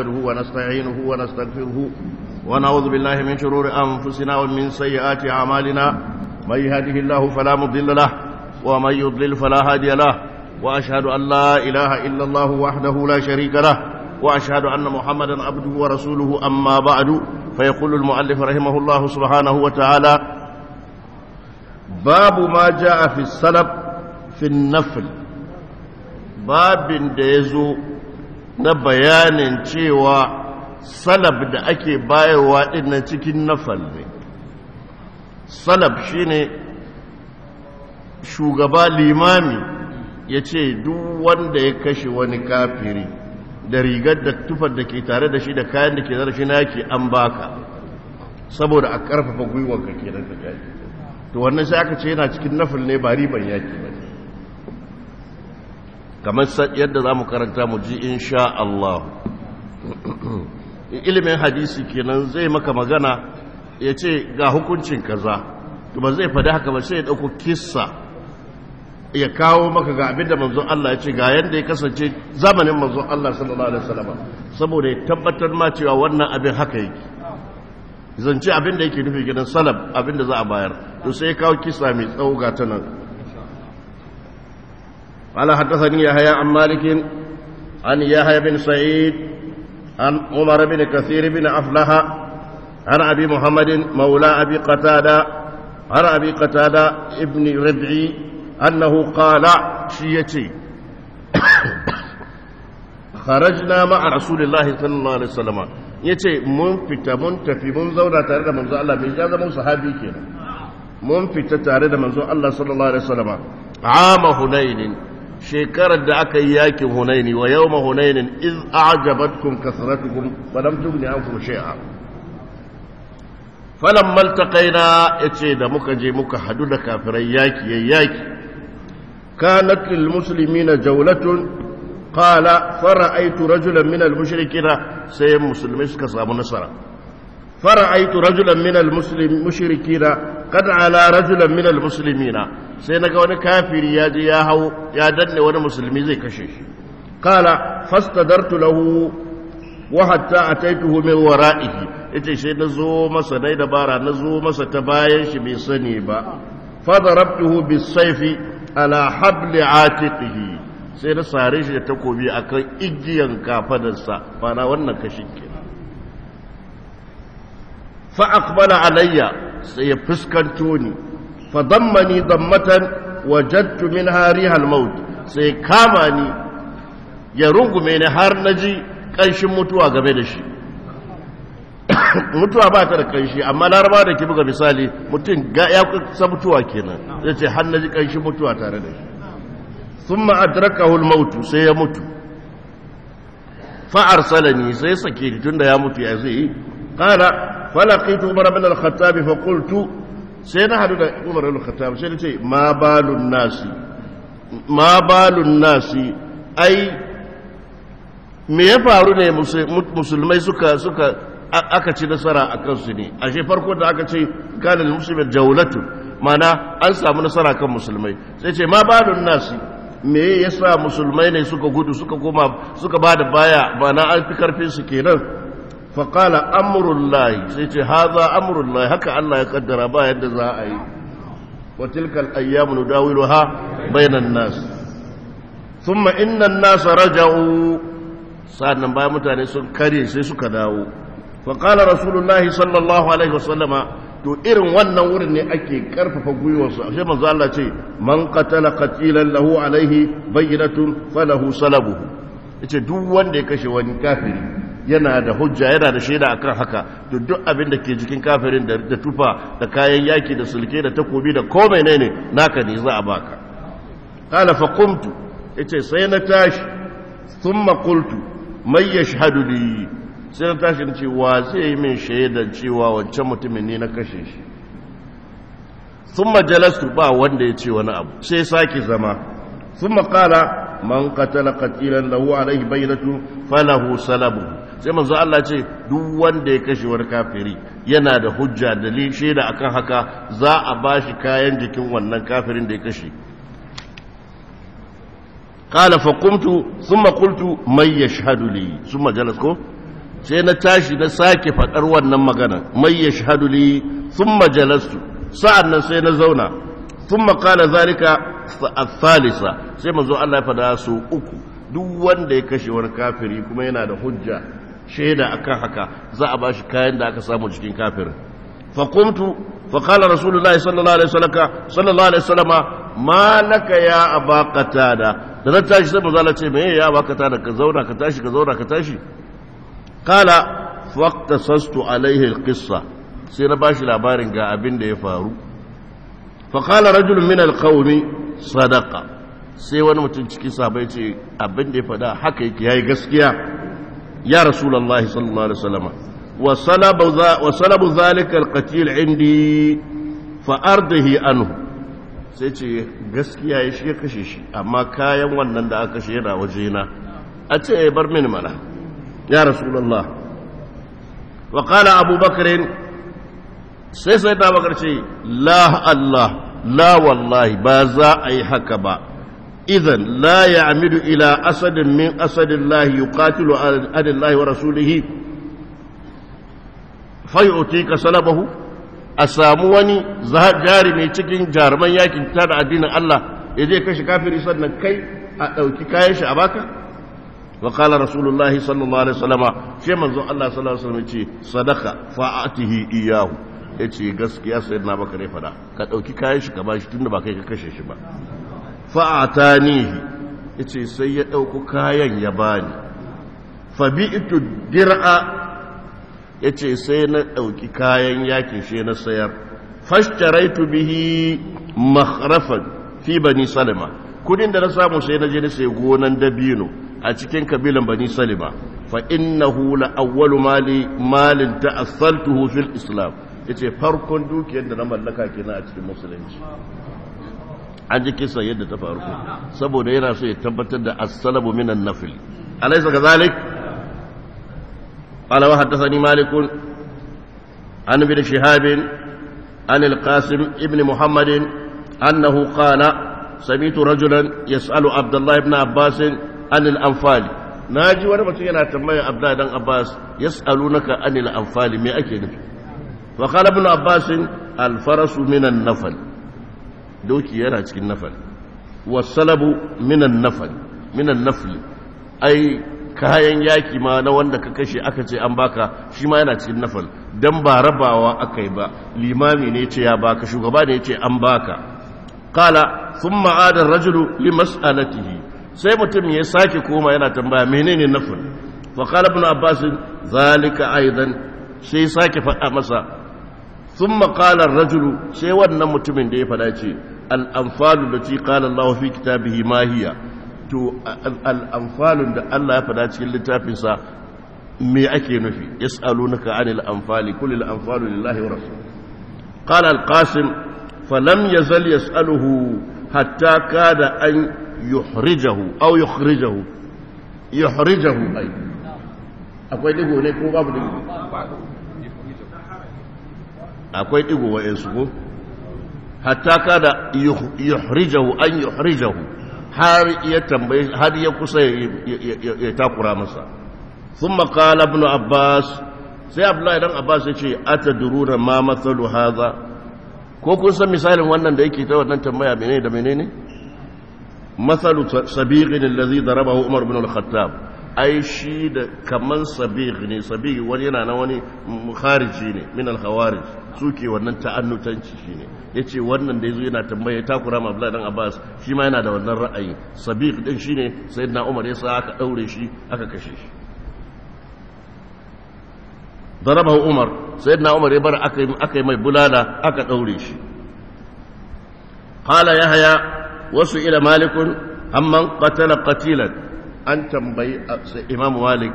نحمده ونستعينه ونستغفره ونعوذ بالله من شرور أنفسنا ومن سيئات أعمالنا من يهده الله فلا مضل له ومن يضلل فلا هادي له وأشهد أن لا إله إلا الله وحده لا شريك له وأشهد أن محمدا عبده ورسوله أما بعد فيقول المؤلف رحمه الله سبحانه وتعالى باب ما جاء في السلب في النفل باب ديزو na bayanin cewa salab da ake bayarwa din na cikin nafal ne salab shine shugaba limami ya ce duk wanda ya kashe wani kafiri da rigar da tufar da ke tare da shi da kayan da ke zara shi na yake an baka saboda a karfafa gwiwanka kake da gani to wannan sai aka ce yana cikin nafal ne ba riban yaki ba kamar yadda za mu karanta mu ji insha Allah ilimin hadisi kenan zai maka magana ya ce ga hukuncin kaza ba zai faɗi haka ba sai ya ɗauko kissa ya kawo maka ga abin da manzon Allah ya ce ga yadda ya kasance zamanin manzon Allah sallallahu alaihi wasallam saboda ya tabbatar ma cewa wannan abin haka yake zance abin da yake nufi gidan salaf abin da za a bayar to sai ya kawo kissa mai tsawo ga ta nan قال حدثني يحيى عن مالك عن يحيى بن سعيد عن عمر بن كثير بن أفلح عن أبي محمد مولى أبي قتادة عن أبي قتادة ابن ربعي أنه قال شيتي خرجنا مع رسول الله صلى الله عليه وسلم yace mun fita mun tafi mun zauna tare da manzo Allah bai ja zaman sahabi kenan mun fita tare da manzo Allah sallallahu alaihi wasallam ama hunainin شكرا دعك إياك هنيني ويوم هنين إذ أعجبتكم كثرتكم فلم تغن عنكم شيئا فلما التقينا إتشيدا مكجي مك حدود كافر إياك إياك كانت للمسلمين جولة قال فرأيت رجلا من المشركين سيم مسلمين كصاب النصارى fara'aitu rajulan minal mushrikina kada ala rajulan minal muslimina sai naga wani kafiri ya je ya hau ya danne wani musulmi zai kashe shi qala fastadartu lahu wa hatta ataituhu min wara'ihi yace sai na zo masa dai dabara na zo masa ta bayan shi bai sani ba fadarabtuhu bisayfi ala habli atiqihi sai na sare shi da takobi akan igiyan kafadarsa ba na wannan kashin kenan fa bana alayya sai ya fuskanto ni fa dammani dammatan wajadtu minha rihal sai kama ni ya rungume ni har ji ƙanshin mutuwa game da shi mutuwa ba ta da ƙanshi, amma laraba da ke buga misali mutum ya kusa mutuwa kenan zai ce har naji ƙanshin mutuwa tare da shi ثم أدركه الموت سيموت فأرسلني سيسكيني da ya mutu ya zai yi. فلقيت عمر بن الخطاب فقلت سينا حدود عمر بن الخطاب سينا ما بال الناس ما بال الناس أي me ya faru ne musulmai suka suka aka ci nasara a kansu ne a ashe farko da aka ce kanin musulmi jaulatu mana an samu nasara kan musulmai sai ce ma balun nasi me yasa musulmai ne suka gudu suka koma suka ba da baya mana an fi karfin su kenan faƙala amurullahi sai ce haza amurullahi haka Allah ya kaddara ba yadda za a yi wa tilkal ayyamu nudawilu ha bainan nas thumma innan nas raja'u sannan bayan mutane sun kare sai suka dawo faƙala rasulullahi sallallahu alaihi wasallama to irin wannan wurin ne ake karfafa gwiwarsu a shema za Allah ce man qatala qatilan lahu alaihi bayyinatun falahu salabuhu yace duk wanda ya kashe wani kafiri yana da hujja yana da shaida akan haka duk duk abin da ke jikin kafirin da tufa da kayan yaki da sulke da takobi da komai ne ne naka ne za a baka qala fa qumtu yace sai na tashi thumma qultu man yashhadu li sai na tashi na ce wa zai yi min shaida cewa wancan mutumin ne na kashe shi thumma jalastu ba wanda ya ce wani abu sai sake zama ثم قال من قتل قتيلا له alaihi بينه falahu salabu sai manzo Allah ce duk wanda ya kashe wani kafiri yana da hujja dalil da akan haka za a bashi kayan jikin wannan kafirin da ya kashe qala fa qumtu thumma qultu may yashhadu li thumma jalas ko sai na tashi na sake fadar wannan magana may yashhadu li thumma jalastu sa'annan sai na zauna thumma qala zalika الثالثة sai manzo Allah ya fada su uku duk wanda ya kashe wani kafiri kuma yana da hujja shaida akan haka za a bashi kayan da aka samu cikin kafirin fa qumtu fa qala rasulullahi sallallahu alaihi wasallam sallallahu alaihi wasallam malaka ya aba da zan tashi sai manzo Allah ce me ya aba qatada ka zauna ka tashi ka zauna ka tashi qala faqtasastu alaihi alqissa sai na bashi labarin ga abin da ya faru فقال رجل من القوم sadaka sai wani mutum cikin sabai ce abin da ya faɗa haka yake yayi gaskiya ya rasulullahi sallallahu alaihi salama wa salabu wa salabu zalika sai ce gaskiya ya shi kashe shi amma kayan wannan da aka kashe waje na a ce ya eh, bar mini mana ya rasulullah wa kala abubakar sai sai ta bakar ce la allah la wallahi ba za a yi haka ba idan la ila asadin min asadillahi yuqatilu adillahi a samu wani jari cikin jaruman yakin ta addinin Allah ya je kafiri sannan kai a ɗauki kayan shi a baka wa kala sai manzon sadaka ya ce gaskiya sai na baka ne fada ka ɗauki kayan shi ka ba shi tunda ba kai ka kashe shi ba fa'ata nihi ya ce sai ya ɗauko kayan ya bani fabi ito dir'a ya ce sai na ɗauki kayan yakin shi na sayar tu bihi makarafan fi bani salima kudin da na samu sai na je na sai gonan dabino a cikin kabilan bani salima fa innahu la awwalu mali malin ta'assaltuhu fil islam ya farkon dukiyar da na mallaka ke a cikin musulunci an ji kisa yadda ta farko. saboda yana so ya tabbatar da assalabu minan nafil alaisa ga zalik ala wahadda sani malikun an bin shihabin an ilkasim ibn muhammadin annahu qala sabitu rajulan yas'alu abdullahi ibn abbas an al-anfali naji wani mutum yana tambayar abdullahi dan abbas yas'alunaka an al-anfali me ake nufi وقال ابن عباس الفرس من النفل minan يرى doki yana cikin من النفل salabu minan أي ai kayan yaki ma na wanda ka kashe aka ce an baka shi ma yana cikin nafal dan ba rabawa aka yi ba limami ne ce ya baka shugaba ne ce an baka kala sun ma'adar rajulu li mas'alatihi sai mutum ya sake koma yana tambaya menene nafal fa qala ibn abbas zalika aidan sai sake faɗa masa sun maƙalar rajulu sai wannan mutumin da ya fada ce al'amfalun da ci ƙalar lawafi kitabihi mahiya to al'amfalun da Allah ya fada cikin littafinsa me ake nufi ya tsalo na ka'anil amfali kulil amfalu lillahi wa rasu ƙalar alƙasim falam ya zal ya tsaluhu hatta kada an yuhrijahu au yuhrijahu yuhrijahu akwai ɗigo wa yansu ko hatta kada yuhrijahu an yuhrijahu har ya tambaye har ya kusa ya takura masa thumma qala ibn abbas sai abdullahi dan abbas ya ce atadruna ma mathalu hadha ko kun san misalin wannan da yake ta wannan tambaya menene da menene mathalu sabiqin allazi darabahu umar ibn al-khattab ai shi da kaman sabiq ne sabiq wani yana na wani khariji ne min al-khawarij suke wannan ta'annutanci Ya ce wannan da ya yazo yana tambaya takura ma Abdullah Abbas shi ma yana da wannan ra'ayi sabiq din shine sayyidina Umar yasa aka daure shi aka kashe shi darabahu Umar sayyidina Umar ya bar aka aka mai bulala aka daure shi qala yahya wasu ila malikun amman qatala qatilan an tambayi imam malik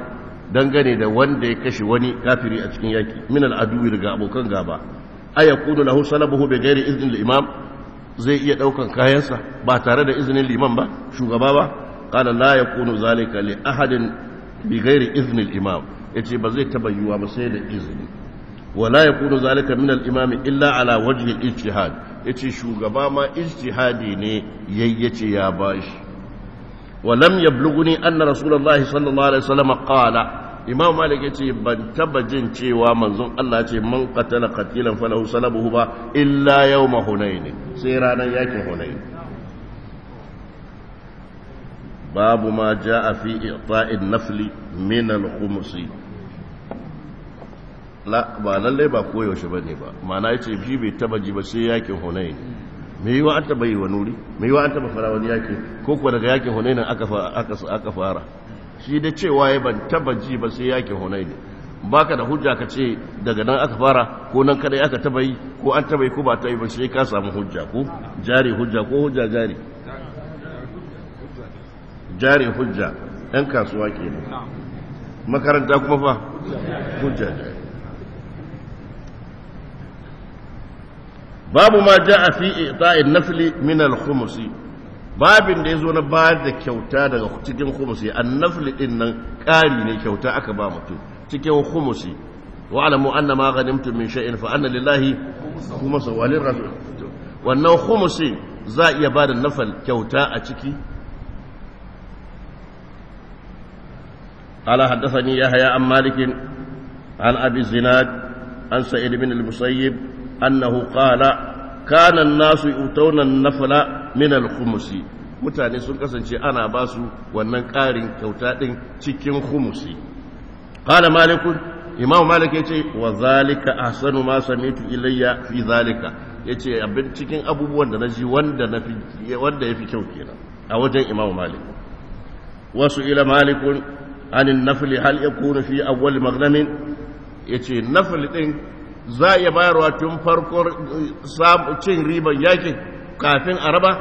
dangane da wanda ya kashe wani kafiri a cikin yaki min al'adu daga abokan gaba aya kudu lahu salabahu bai gairi izinin limam zai iya daukan kayansa ba tare da izinin limam ba shugaba ba qala la yakunu zalika li ahadin bi gairi izinin limam. imam ce ba zai taba yiwa ba sai da izini wala yakunu zalika min al'imami illa ala wajhi al-ijtihad ce shugaba ma ijtihadi ne yayyace ya bashi ولم يبلغني أن رسول الله صلى الله عليه وسلم قال imam malik yace ban taba jin cewa manzon Allah ce man qatala qatilan falahu salabuhu ba illa yawma hunain sai ranar yakin hunain babu ma jaa fi i'ta'in nafli min al-khums la ba lalle ba koyaushe bane ba ma'ana yace bi bai taba ji ba sai yakin hunain me yiwa an taba yi wa nuri me yiwa an taba Farawani wani yakin ko ko daga yakin hunain aka aka fara shi da cewa ya ban taba ji ba sai yakin ba baka da hujja ka ce daga nan aka fara ko nan ya aka taba yi ko an taba yi ko ba ta yi ba sai ka samu hujja ko jari hujja ko hujja jari jari hujja ɗan kasuwa ke ne makaranta kuma fa hujja jari babu ma a fi ita'in nafili min al-khumusi babin da ya zo na bayar da kyauta daga cikin khumusi annafli din nan ƙari ne kyauta aka ba mutum cikin khumusi wa'lamu anna ma ghanimtum min shay'in fa anna lillahi khumsahu wa lirrasul wannan khumusi za iya ba da nafal kyauta a ciki قال حدثني an عن مالك عن ابي an عن سعيد بن المسيب انه قال kanan nasu yutaunan nafla min al-khumusi mutane sun kasance ana ba su wannan ƙarin kyauta ɗin cikin khumusi qala maliku imam malik yace wa zalika ahsanu ma samitu ilayya fi zalika yace abin cikin abubuwan da naji wanda nafi wanda yafi kyau kenan a wajen imam malik wasu ila malikun an nafli hal yakunu fi awwal maghlamin yace nafli din za a iya bayarwa tun farko eh, cin riban yakin kafin a raba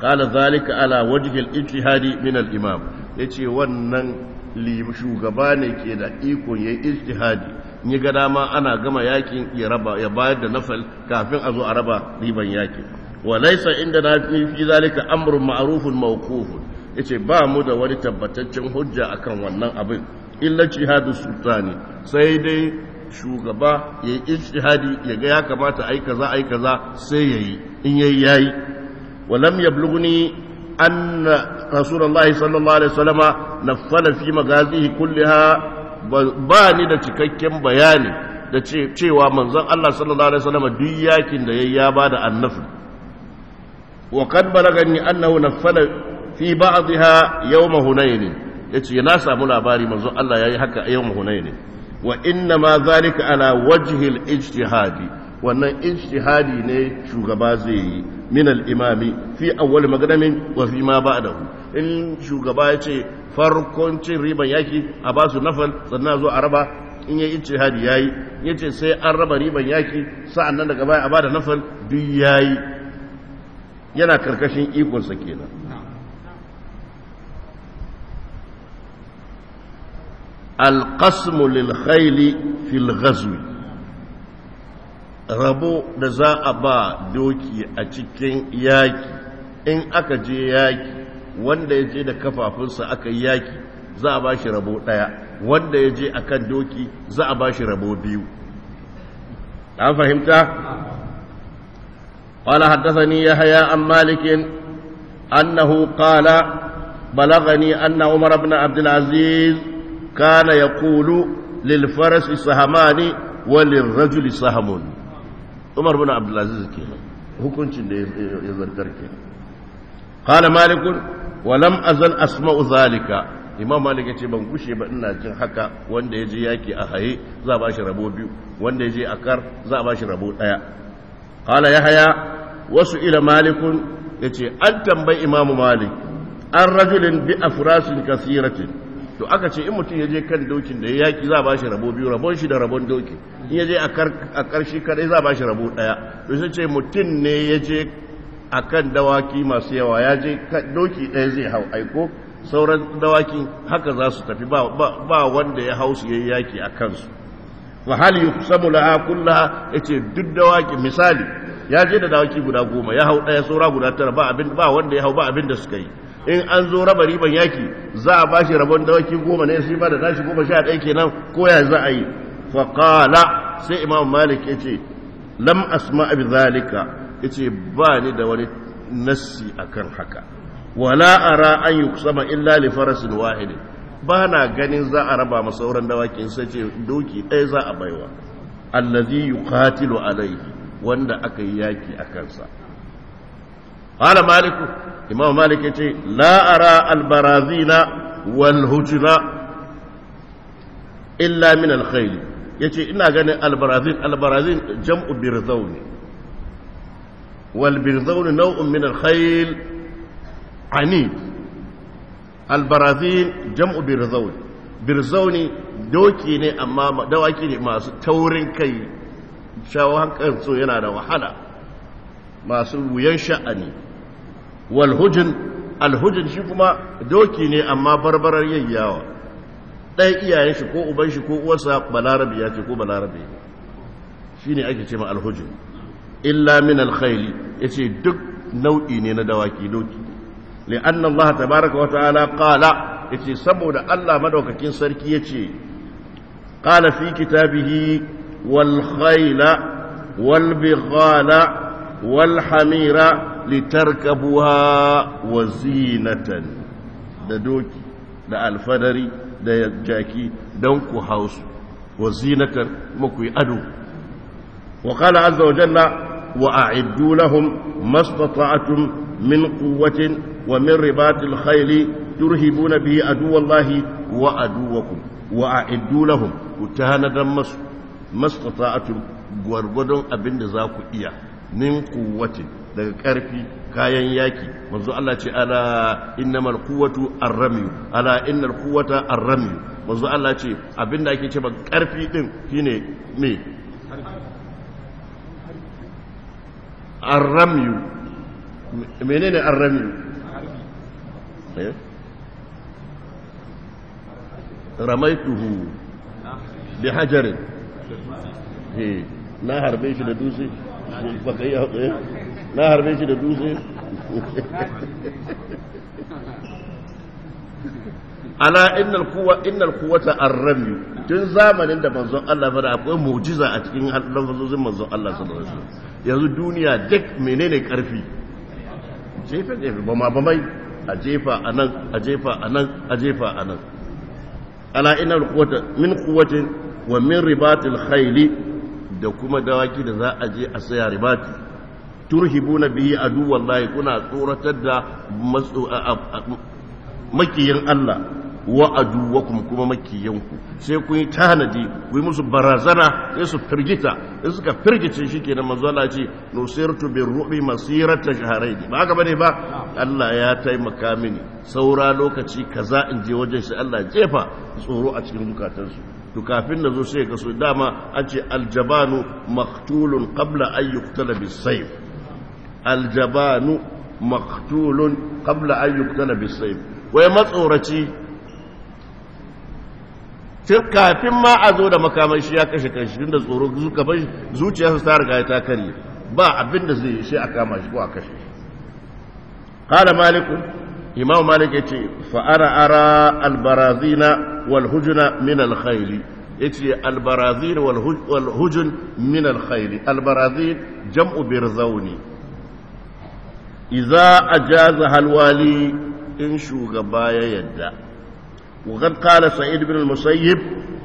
kala zalika ala wajihil ijtihadi min al-imam yace wannan shugaba ne ke da ikon yayi ijtihadi ni ga dama ana gama yakin ya raba ya bayar da nafal kafin a zo a raba riban yakin wa laysa inda na fi zalika amrun ma'rufun mawqufun yace ba mu da wani tabbataccen hujja akan wannan abin illa jihadu sultani sai dai shugaba ya yi ijtihadi ya ga ya kamata ai kaza ai kaza sai ya yi. in yi ya yayi yayi walam yablughni anna rasulullahi sallallahu alaihi wasallama na fi magazihi kulliha ba ni da cikakken bayani da cewa manzon Allah sallallahu alaihi salama duk yakin da ya yi ya bada annafi wa kad balagani annahu naffala fi yau ba'dha ne. Ya ce na samu labari manzon Allah ya yi haka yau yawm ne. wa inna ma zalika ala wajihil, ijtihadi wannan ijtihadi ne shugaba zai yi min al-imami fi awwal magana wa fi ma ba'dahu in shugaba ya ce farkon cin riban yaki a ba su nafal sannan zo a raba in yayi ijtihadi yayi yace sai an raba riban yaki sa'annan daga baya a bada nafal duk yayi yana karkashin ikonsa kenan alƙasmu lilkhaili fil gazwi. rabo da za a ba doki a cikin yaki in aka je yaki wanda ya je da kafafunsa aka yi yaki za a ba shi rabo ɗaya wanda ya je a kan doki za a ba shi rabo biyu an fahimta قال حدثني يحيى عن مالك أنه قال بلغني أن عمر بن عبد العزيز كان يقول للفرس سهمان وللرجل سهم عمر بن عبد العزيز كده hukuncin da ya zartar ke kala malikun walam azal asma'u zalika imam malik ya ce ban bushe ba ina jin haka wanda ya je yaki a haye za ba shi rabo biyu wanda ya je a kar za ba shi rabo ɗaya. kala ya haya wasu ila malikun ya ce an tambayi imam malik an rajulin bi afrasin kasiratin to aka ce in mutum ya je kan dokin da ya yaki za ba shi rabo biyu rabon shi da rabon doki in ya je a karshe kadai za ba shi rabo daya to sai ce mutum ne ya je a kan dawaki masu yawa ya je doki ɗaya zai hau aiko sauran dawaki haka za su tafi ba wanda ya hau su yi yaki a kansu wa yi samu kulla ya ce duk dawaki misali ya je da dawaki guda goma ya hau ɗaya saura guda tara ba ba wanda ya hau ba abin da suka yi in an zo raba riban yaki za a bashi rabon dawaki goma ne shi ba da tashi goma sha ɗaya kenan ko ya za a yi Fa qala sai imam malik yace lam asma bi zalika yace ba ni da wani nassi akan haka wala ara an yi illa li farasin wahid ba na ganin za a raba masa sauran dawakin sai ce doki ɗaya za a baiwa allazi yuqatilu alaihi wanda aka yi yaki a kansa qala Maliku, imam malik yace la ara al barazina wal hujra illa min al khayl yace ina ganin al barazin al barazin jam'u birzawn wal birzawn naw'un min al khayl anid al barazin jam'u birzawn birzauni doki ne amma dawaki ne masu taurin kai shawo hankalin so yana da wahala masu wuyan sha'ani walhujin alhujin shi kuma doki ne amma barbarar yayyawa ɗaya iyayen shi ko uban shi ko uwarsa balarabi ya ce ko balarabi ne shi ne ake ce ma alhujin illa min alkhaili ya ce duk nau'i ne na dawaki doki li'anna Allah tabaraka wa ta'ala qala yace saboda Allah madaukakin sarki yace qala fi kitabihi wal khayla wal bighala wal hamira litarkabuha wa zinatan da doki da alfadari da jaki don ku hausu wa zinatan kuma ado wa qala azza wa jalla wa a'iddu lahum mastata'tum min quwwatin wa min ribatil khayli turhibuna bihi aduwallahi wa aduwakum wa a'iddu lahum kutanadan masu mastata'tum gwargwadon abin da za ku iya min kuwatin daga karfi kayan yaki manzo Allah ce ala innamal quwwatu ar-ramy ala innal quwwata ar-ramy manzo Allah ce abinda ake ce ba karfi din shine me ar-ramy menene ar-ramy eh? ramaituhu bi hajarin eh, na harbe shi da dutse kai ya na harbe shi da dutse ala innal kuwa innal kuwata ar tun zamanin da manzon Allah fara akwai mu'jiza a cikin lafazozin manzon Allah sallallahu alaihi wasallam yanzu duniya duk menene karfi jefa jefa ba ma ba mai a jefa anan a jefa anan a jefa anan ala innal kuwata min quwwatin wa min ribatil khayli da kuma dawaki da za a je a saya ribati turhibuna bihi wallahi kuna tsoratar da makiyin Allah wa aduwakum kuma makiyanku sai kun yi tanadi ku yi musu barazana sai su firgita in suka firgice shi kenan manzo Allah ce nusirtu bir rubi masirata ba haka bane ba Allah ya taimaka mini saura lokaci kaza in je wajen shi Allah jefa tsoro a cikin zukatansu to kafin na zo sai ka so dama an ce aljabanu maqtulun qabla an yuqtala bis sayf aljabanu maktulun qabla Ayyuk, Tana, bisayf wai matsoraci kafin ma a zo da makamai shi ya kashe kanshi da tsoro zuka bai zuciyarsa ta riga ta karye ba abin da zai yi shi a kama shi ko a kashe shi qala malik imam malik yace fa ara ara albarazina wal hujuna min al khayl yace albarazin wal hujun min al khayl albarazin jam'u birzauni iza jaza halwali in shugaba ya yadda وقد قال سعيد بن المسيب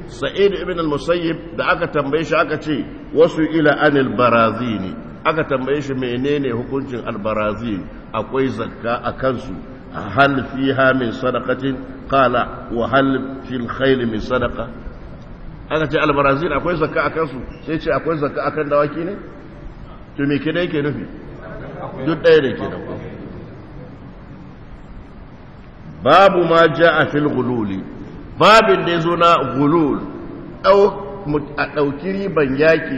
سعيد بن Musayyib da aka tambaye shi aka ce wasu ila anil barazini aka tambaye shi menene hukuncin Al-Barazini, akwai zakka a kansu a hal fiha min sadaqatin qala wa hal fil khayl min sadaqa aka ce Al-Barazini akwai zakka a kansu sai ce akwai zakka akan dawaki ne to me kidai ke nufi duk ɗaya da ke da ku babu ma ja a fil gululi babin da ya zo na gulul a ɗauki riban yaki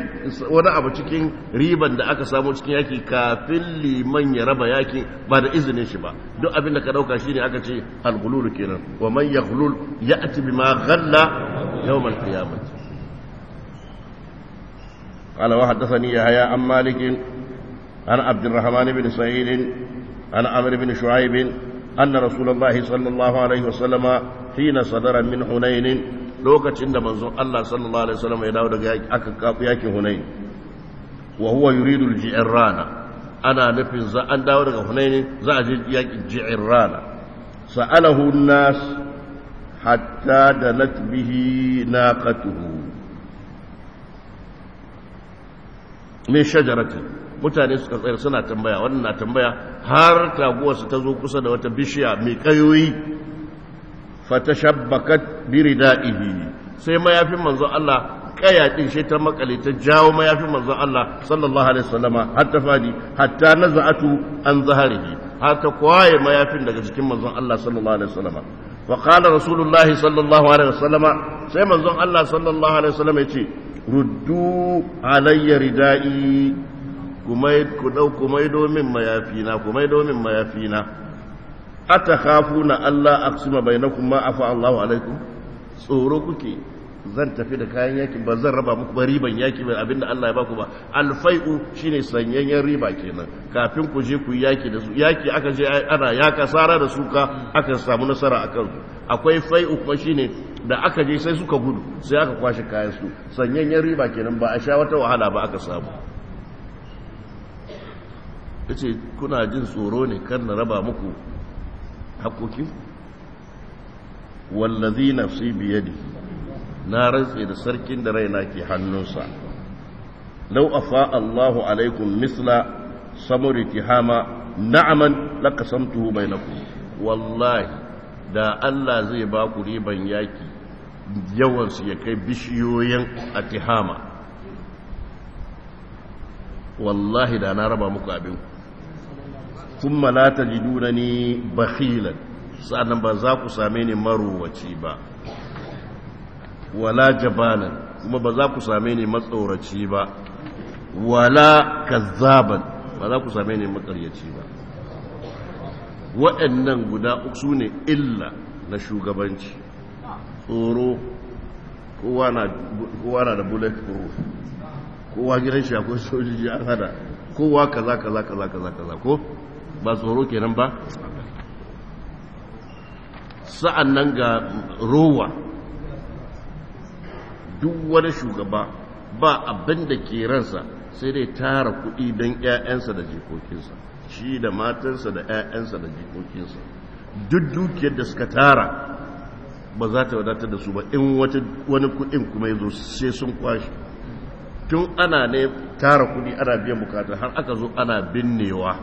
wani abu cikin riban da aka samu cikin yaki kafin liman ya raba yaki ba da izinin shi ba duk abin da ka ɗauka shi ne aka ce al-gulul kenan wa man ya gulul ya ati bi ma ghalla yawmal qiyamah قال ya haya an malikin عن عبد الرحمن بن سعيد عن عمرو بن شعيب أن رسول الله صلى الله عليه وسلم حين صدر من حنين لوكتين da manzon Allah sallallahu alaihi wasallam ya dawo daga aka kafu yakin Hunain wa huwa yuridu al-ji'rana ana nufin za an dawo daga Hunain za a je yakin ji'rana sa'alahu an-nas hatta bihi min mutane suka tsayar suna tambaya wannan na tambaya har taguwarsu ta zo kusa da wata bishiya mai kayoyi fatashabbakat birida'ihi sai mayafin manzo Allah kaya din shi ta makale ta jawo mayafin manzo Allah sallallahu alaihi wasallama har ta fadi hatta naza'atu an zaharihi har ta kwaye mayafin daga cikin manzon Allah sallallahu alaihi wasallama wa qala rasulullahi sallallahu alaihi wasallama sai manzon Allah sallallahu alaihi wasallama yace ruddu alayya ridai ku maido min mayafina ku maido min ta ata na Allah afa Allahu alaikum tsoro kuke zan tafi da kayan yaki ba zan raba muku ba riban yaki ba abinda Allah ya baku ba alfai'u shine sanyayen riba kenan kafin ku je ku yaki da su yaki aka je ana ya kasara da suka aka samu nasara a su akwai fai'u kuma shine da aka je sai suka gudu sai aka kwashe kayan su sanyayen riba kenan ba a sha wata wahala ba aka samu ya ce kuna jin tsoro ne kan na raba muku haƙoƙi wallazi nafsi biyadi na rantse da sarkin da raina ke hannunsa lau afa Allahu alaikum misla samuri tihama na'aman na ku wallahi da Allah zai ba ku riban yaki yawansu ya kai bishiyoyin atihama wallahi da na raba muku abinku thumma la ne bakhilan sa’an ba za ku same ni maruwaci ba wala jabanan kuma ba za ku same ni matsoraci ba wala kazzaban ba za ku same ni makaryaci ba waɗannan guda uku su ne illa na shugabanci tsoro kowa na da bullet proof kowa gidan shi akwai sojoji an hada kowa za kaza kaza kaza kaza ko ba tsoro kenan ba sa'an nan ga rowa duk wani shugaba ba abin da ke ransa sai dai tara kuɗi don ‘ya'yansa da jikokinsa shi da matarsa da ‘ya'yansa da jikokinsa duk dukiyar da suka tara ba za ta wadatar da su ba in wani kuɗin kuma ya zo sai sun kwashe tun ana ne tara kuɗi ana biyan bukatar har aka zo ana binnewa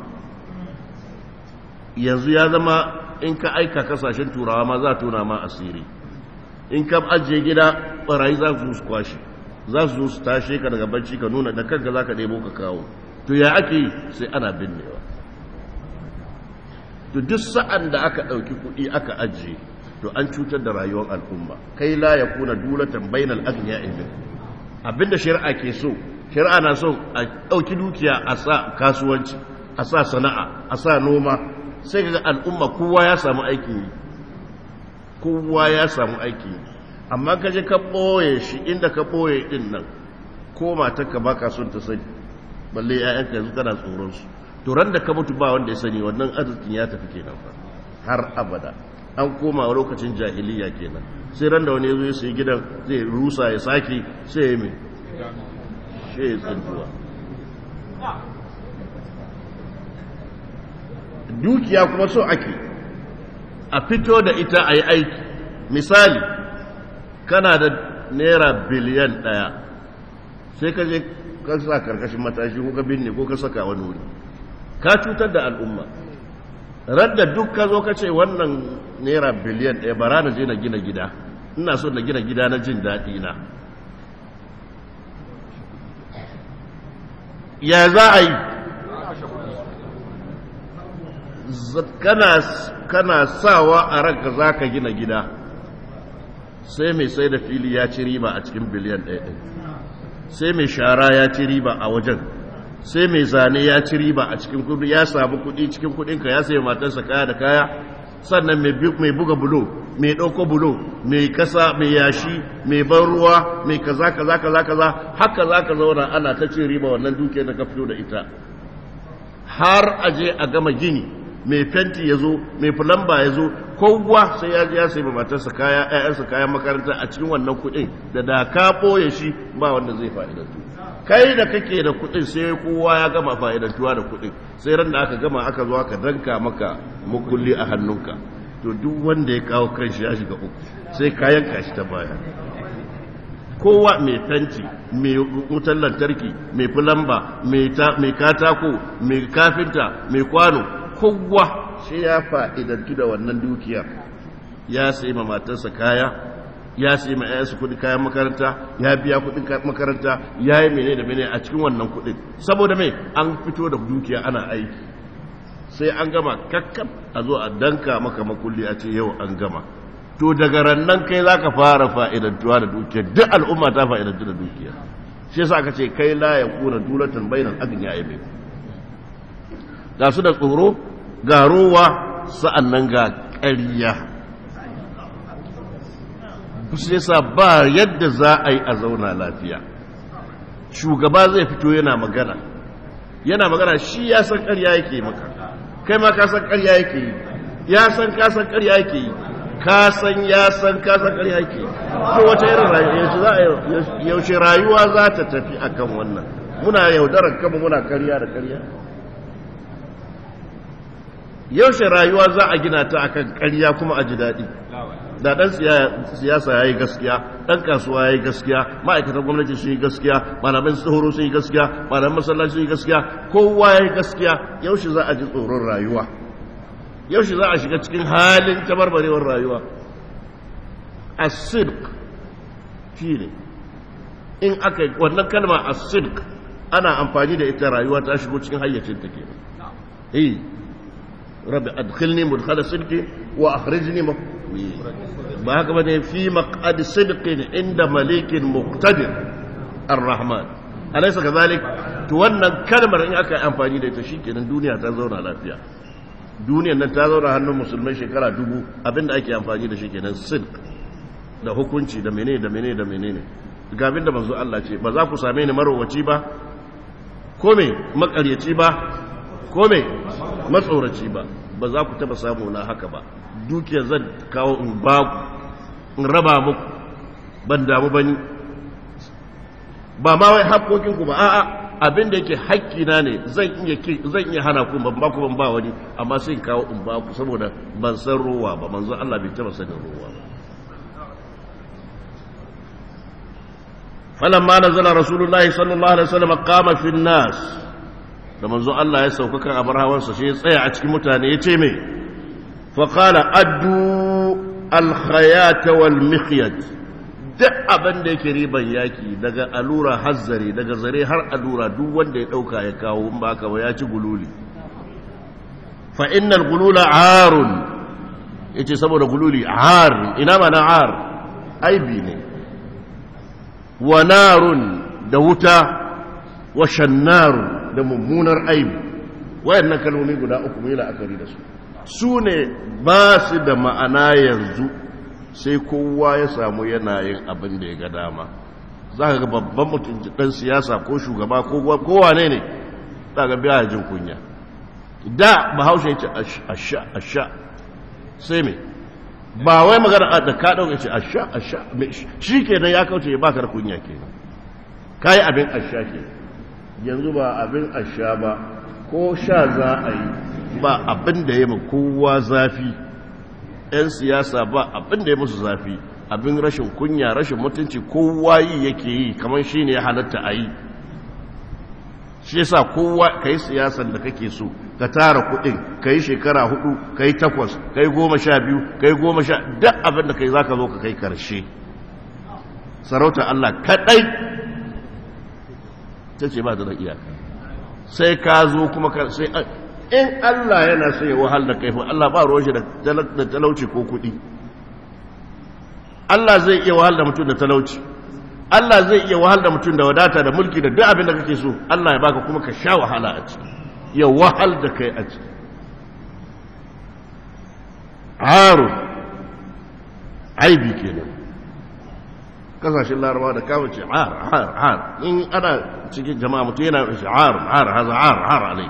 yanzu ya zama in ka aika kasashen turawa ma za tona ma asiri in ka ajiye gida barayi za su su kwashe za su su tashe ka daga barci ka nuna da kanka za ka ɗebo ka kawo to ya ake sai ana binnewa to duk sa'an da aka ɗauki kuɗi aka ajiye to an cutar da rayuwar al'umma kai la ya kuna dulatan bainal agniya ibn abinda shari'a ke so shari'a na so a ɗauki dukiya a sa kasuwanci a sa sana'a a sa noma sai ga al'umma kowa ya samu aiki yi kowa ya samu aiki yi amma ka je ka ɓoye shi inda ka ɓoye ɗin nan ko ka ba ka son ta sani balle ‘ya'yanka yanzu kana tsoronsu to ran da ka mutu ba wanda ya sani wannan arzikin ya tafi kenan fa har abada an koma lokacin jahiliya kenan sai ran da wani yazo ya sayi gidan zai rusa ya sake sai ya yi mai shi ya tsantuwa dukiya kuma so ake a fito da ita a yi aiki misali kana da naira biliyan ɗaya sai ka je ka sa karkashin matashi ko ka binne ko ka saka wani wuri ka cutar da al'umma radda duk ka zo ka ce wannan naira biliyan ɗaya bara na je na gina gida ina so na gina gida na jin daɗi na ya za a yi kana sawa a ranka ka gina gida sai mai sai da fili ya ci riba a cikin biliyan ɗaya ɗaya sai mai shara ya ci riba a wajen sai mai zane ya ci riba a cikin kudu ya samu kudi cikin kudinka ya sai matarsa kaya da kaya sannan mai buga bulo mai ɗauko bulo mai kasa mai yashi mai ban ruwa mai kaza kaza kaza kaza haka za ka zauna ana ta ce riba wannan dukiyar da ka fito da ita har aje a gama gini mai fenti ya zo mai fulamba ya zo kowa sai ya je ya sayi matarsa kaya ƴaƴansa kayan makaranta a cikin wannan kuɗin da da ka ɓoye shi ba wanda zai fa'idantu kai da kake da kuɗin sai kowa ya gama fa'idantuwa da kuɗin sai ran da aka gama aka zo aka danka maka mukulli a hannunka to duk wanda ya kawo kanshi ya shiga uku sai ka yanka shi ta baya kowa mai fenti mai wutar lantarki mai fulamba mai katako mai kafinta mai kwano kowa sai ya fa'idantu da wannan dukiya ya sai ma matarsa kaya ya sai ma yayansu kudi kayan makaranta ya biya kudin makaranta ya yi mene da mene a cikin wannan kudin saboda mai an fito da dukiya ana aiki sai an gama kakkab a zo a danka maka makulli a ce yau an gama to daga rannan kai za ka fara fa'idantuwa da dukiya duk al'umma ta fa'idantu da dukiya shi yasa aka ce kai la ya kuna dulatan bainan agniya ya yi mai ga su da tsoro ga sa'an sa'annan ga ƙariya sai yasa ba yadda za a yi a zauna lafiya shugaba zai fito yana magana yana magana shi ya san ƙarya yake maka kai ma ka san ƙarya yake yi ya san ka san ƙarya yake yi ka san ya san ka san ƙarya yake yi ko wata irin rayuwa yaushe rayuwa za ta tafi akan wannan muna yaudarar kama muna ƙarya da ƙarya yaushe rayuwa za a gina ta a kan ƙarya kuma a ji daɗi da ɗan siyasa ya yi gaskiya ɗan kasuwa ya yi gaskiya ma'aikatan gwamnati sun yi gaskiya malamin tsoro sun yi gaskiya malamin masallaci sun yi gaskiya kowa ya yi gaskiya yaushe za a ji tsoron rayuwa yaushe za a shiga cikin halin tabarbarewar rayuwa asirk shi ne in aka yi wannan kalma asirk ana amfani da ita rayuwa ta shigo cikin hayyacin ta kenan Rabi adkhilni mudkhala sidqi wa akhrijni ba haka bane fi maqad sidqin inda malikin muqtadir arrahman alaysa kadhalik to wannan kalmar in aka yi amfani da ita shikenan duniya ta zauna lafiya duniyar nan ta zauna hannun musulmai shekara dubu abinda ake amfani da shi kenan sidq da hukunci da menene da menene da menene ga abinda manzo Allah ce ba za ku same ni marowaci ba ko me makaryaci ba ko me matsoraci ba ba za ku taba samu na haka ba dukiyar zan kawo in ba ku in raba muku ban damu bani ba ma wai haƙoƙinku ba a'a abin da yake haƙƙina ne zan iya zan iya hana ku ban ba ku ban ba wani amma sai in kawo in ba ku saboda ban san ruwa ba manzo Allah bai taba sanin ruwa ba falamma nazala rasulullahi sallallahu alaihi wasallam qama fi قام في da manzo Allah ya sauka kan abarhawansa shi ya tsaya a cikin mutane ya ce mai faƙala addu alkhayata wal mikhiyat duk abin da yake riban yaki daga alura har zare daga zare har alura duk wanda ya ɗauka ya kawo in ba ka ba ya ci gululi fa innal gulula arun yace saboda gululi ar ina ma na ar aibi ne wa narun da wuta wa shannarun da mummunar aibi wayannan kalmomi guda uku mai yi la'akari da su su ne ba su da ma'ana yanzu sai kowa ya samu yanayin abin da ya ga dama za ka ga babban mutum ɗan siyasa ko shugaba ko kowa ne ne za ka biya jin kunya da bahaushe ce asha asha sai me ba wai magana a da ka ɗauka ce asha asha shi ke ya kauce ya ka da kunya ke ka yi abin asha ke yanzu ba abin asha ba ko sha za a yi ba abin da ya yi kowa zafi 'yan siyasa ba abin da ya musu zafi abin rashin kunya rashin mutunci kowa yi yake yi kamar shi ne ya halatta a yi shi sa kowa ka yi siyasar da kake so ka tara kuɗin ka yi shekara hudu ka yi takwas ka yi goma sha biyu ka yi goma sha duk abin da ka yi za ka zo ka kai karshe Sarauta allah kaɗai ta ce ba ta da iyaka sai ka zo kuma ka sai in Allah yana sai wahal da kaifin Allah ba roshi da talauci ko kuɗi Allah zai iya wahal da mutum da talauci Allah zai iya wahal da mutum da wadata da mulki da duk abin da kake so Allah ya baka kuma ka sha wahala a ciki ya wahal da kai a ciki Haru. aibi kenan kasashen larabawa da kawo ce har har har in ana cikin jama'a mutum yana da shi har har haza har har alai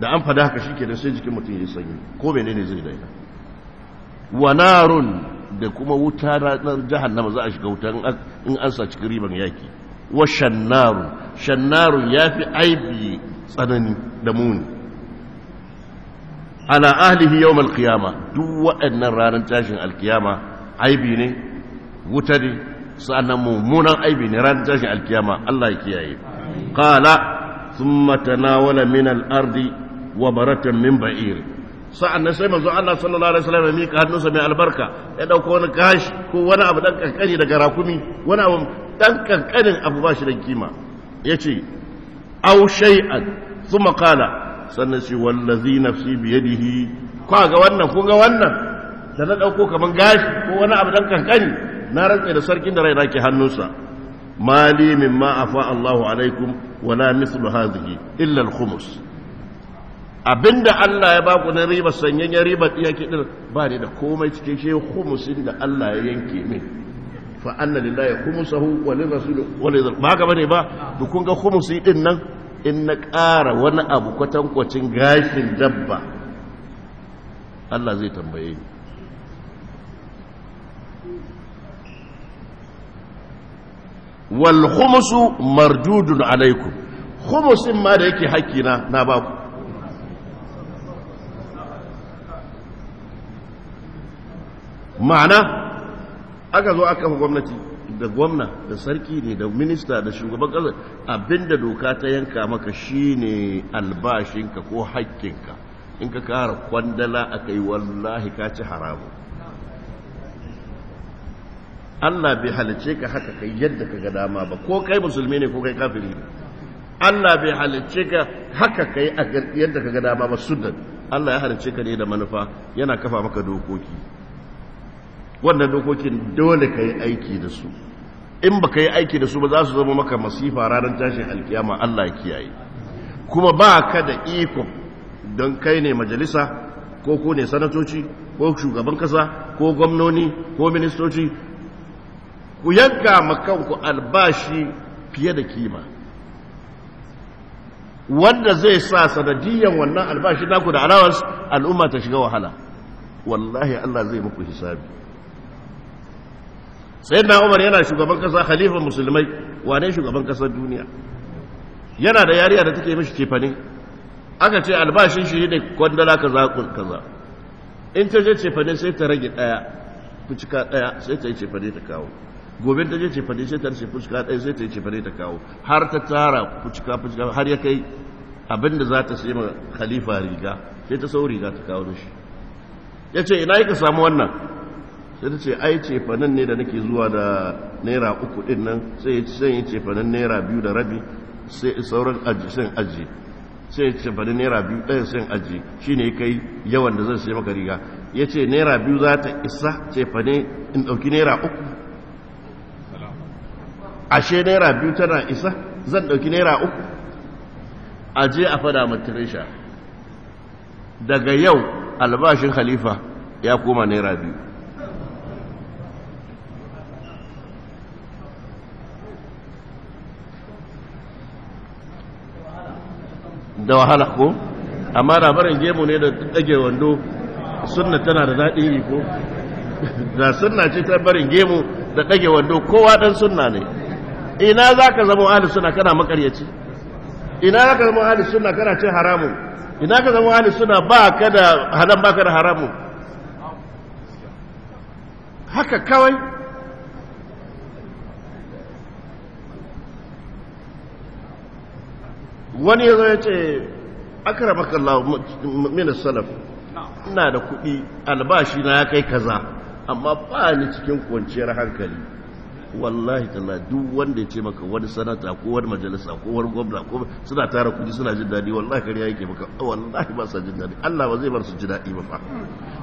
da an fada haka shike da sai jikin mutum ya sanyi ko menene zai daina wa narun da kuma wuta na jahannama za a shiga wuta in an sa cikin riban yaki wa shannaru shannaru ya fi aibi tsanani da muni ala ahlihi yawm alqiyama duk waɗannan ranar tashin alkiyama aibi ne wuta ne sa'annan mummunan aibi ne ran tashi alkiyama Allah ya kiyaye qala thumma tanawala min al-ardi wa baratan min ba'ir sa'annan sai manzo Allah sallallahu alaihi wasallam ya mika hannunsa mai albarka ya dauko wani kashi ko wani abu dan kankani daga rakumi wani abu dan kankanin abu ba shi da kima yace aw shay'an thumma qala sannan shi wallazi nafsi biyadihi ko ga wannan ko ga wannan da na dauko kaman gashi ko wani abu dan kankani na rantse da sarkin da rai na ke hannunsa mali mimma afa Allahu alaikum wala mithlu hadhihi illa al-khums abinda Allah ya baku na riba sanyen ya riba yake din ba ne da komai cikin shi khumsin da Allah ya yanke min fa anna lillahi khumsahu wa lirrasul wa lidhal ba ga bane ba duk kun ga khumsi din nan in na ƙara wani abu kwatankwacin gashin dabba Allah zai tambaye ni walhumusu khumsu mardudun humus in ma da yake haƙƙina na ba ku ma'ana aka zo aka gwamnati da gwamna da sarki ne da minista da shugaban ƙasa abinda doka ta yanka maka shine albashinka ko haƙƙinka in ka kara kwandala aka yi wallahi ka ci haramu. Allah bai halice ka haka kai yadda ka ga dama ba ko kai musulmi ne ko kai kafiri ne Allah bai halice ka haka kai yadda ka ga dama ba sunnan Allah ya halice ka ne da manufa yana kafa maka dokoki wannan dokokin dole ka yi aiki da su in ba ka yi aiki da su ba za su zama maka masifa ranar tashin alkiyama Allah ya kiyaye kuma ba ka da iko don kai ne majalisa ko ku ne sanatoci ko shugaban kasa ko gwamnoni ko ministoci ku yanka ma kanku albashi fiye da kima wanda zai sa sanadiyan wannan albashi naku da alawas al'umma ta shiga wahala wallahi Allah zai muku hisabi sai na umar yana shugaban kasa halifar musulmai wane shugaban kasar duniya yana da yariya da take mishi cefane aka ce albashin shi ne kwandala kaza kaza in ta je cefane sai ta rage daya fucika daya sai ta yi cefane ta kawo gobe ta je ce fade sai ta ce fuska ɗaya sai ta ce fade ta kawo har ta tara fuska fuska har ya kai abin da za ta sai ma khalifa riga sai ta sau riga ta kawo dashi. ya ce ina yi ka samu wannan sai ta ce ai ce fanan ne da nake zuwa da naira uku ɗin nan sai ya ce ce fanan naira biyu da rabi sai sauran aji sai aji sai ce fanan naira biyu ɗaya sai aji shine kai yawan da zan sai maka riga ya ce naira biyu za ta isa ce fane in ɗauki naira uku ashe naira biyu tana isa zan ɗauki naira uku a je a fada matirisha daga yau albashin khalifa ya koma naira biyu da wahala ko amma labarin gemu ne da ɗage wando suna tana da daɗi ne ko da suna ce ta barin gemu da ɗage wando kowa ɗan suna ne ina za ka zama ahli suna kana makaryaci ina za ka zama ahli suna kana cin haramu ina ka zama ahli suna ba ka da hadan ba ka da haramu haka kawai wani ya zo ya ce akara Allah min salaf ina da kuɗi albashi na ya kai kaza amma ba ni cikin kwanciyar hankali wallahi talla duk wanda ya ce maka wani sanata ko wani majalisa ko wani gwamna ko suna tara kudi suna jin daɗi wallahi kariya yake maka oh, wallahi ba sa jin daɗi Allah ba zai bar su ji daɗi ba fa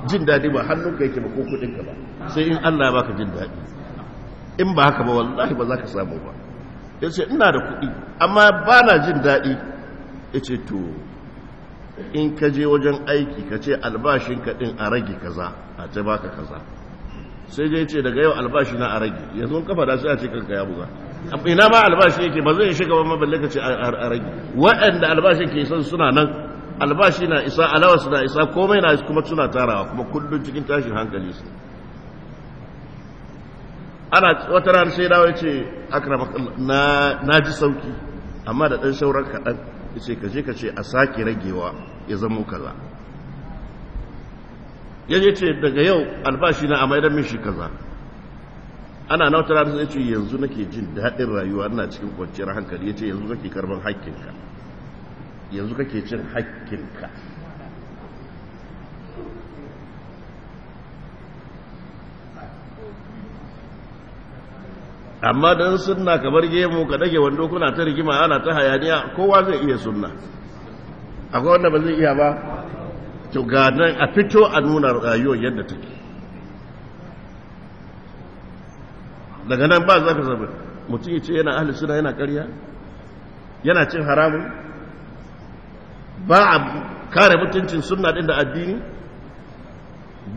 jin daɗi ba hannun ka yake ba ko kudin ka ba sai in Allah ya baka jin daɗi in ba haka ba wallahi ba za ka samu ba yace ina da kudi amma ba na jin daɗi yace to in ka je wajen aiki ka ce albashin ka din a rage kaza a ce baka kaza sai dai ce daga yau albashi na a rage yanzu kafa da sai a ce kanka ya buga ina ma albashi yake ba zai shiga ba balle ka ce a rage waɗanda albashi ke son suna nan albashi na isa alawas na isa komai na kuma suna tarawa kuma kullum cikin tashin hankali su ana wata rana sai dawo ce akrama na ji sauki amma da dan shaurar kaɗan yace ka je ka ce a sake ragewa ya zama kaza ya ce daga yau albashi na a maidan min shi kaza ana nautar da zai ce yanzu nake jin daɗin rayuwa ina cikin kwanciyar hankali ya ce yanzu kake karban haƙƙinka yanzu kake cin haƙƙinka amma don sunna kamar gemu ka dage wando kuna ta rigima ana ta hayaniya kowa zai iya sunna akwai wanda ba zai iya ba to ga nan a fito a nuna rayuwar yadda take daga nan ba za ka zama mutum ya ce yana ahli suna yana karya yana cin haramun ba a kare mutuncin suna ɗin da addini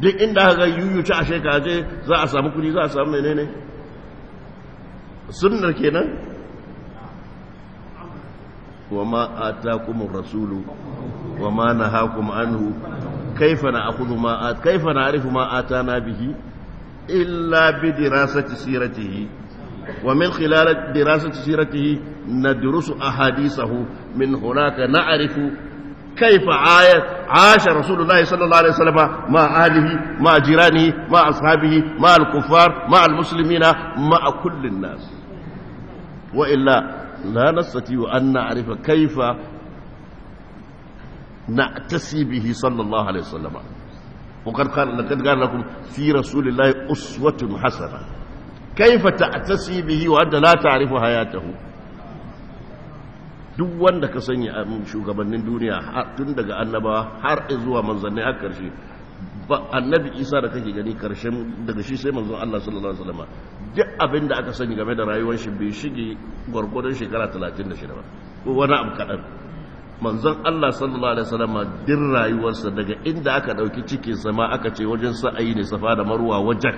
duk inda aka yuyuci a shekaje za a samu kudi za a samu menene sunnar kenan وما آتاكم الرسول وما نهاكم عنه كيف نأخذ ما آت كيف نعرف ما آتانا به إلا بدراسة سيرته ومن خلال دراسة سيرته ندرس أحاديثه من هناك نعرف كيف عاش رسول الله صلى الله عليه وسلم مع أهله مع جيرانه مع أصحابه مع الكفار مع المسلمين مع كل الناس وإلا لا نستطيع أن نعرف كيف نأتسي به صلى الله عليه وسلم وقد قال لقد قال لكم في رسول الله أسوة حسنة كيف تأتسي به وأنت لا تعرف حياته duk wanda ka sanya shugabannin duniya tun daga annaba har zuwa manzanni har karshe annabi isa da kake gani karshen daga shi sai manzon Allah sallallahu alaihi wasallam duk abin da aka sani game da rayuwar shi bai shige gurgurdan shekara 36 ba ko wani abu kadan manzon Allah sallallahu alaihi wasallam din rayuwarsa daga inda aka dauki cikin sa ma aka ce wajen sa'ayi ne safa da marwa wajen